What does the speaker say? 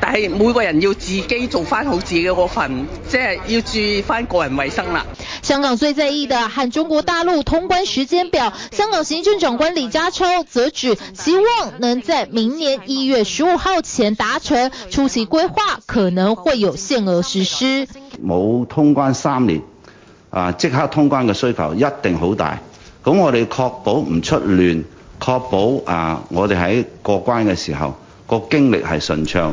但係每個人要自己做翻好自己嘅嗰份，即係要注意翻個人衛生啦。香港最在意的和中國大陸通關時間表，香港行政長官李家超則指，希望能在明年一月十五號前達成。初期規劃可能會有限額實施。冇通關三年啊，即刻通關嘅需求一定好大。咁我哋確保唔出亂，確保啊，我哋喺過關嘅時候個經歷係順暢。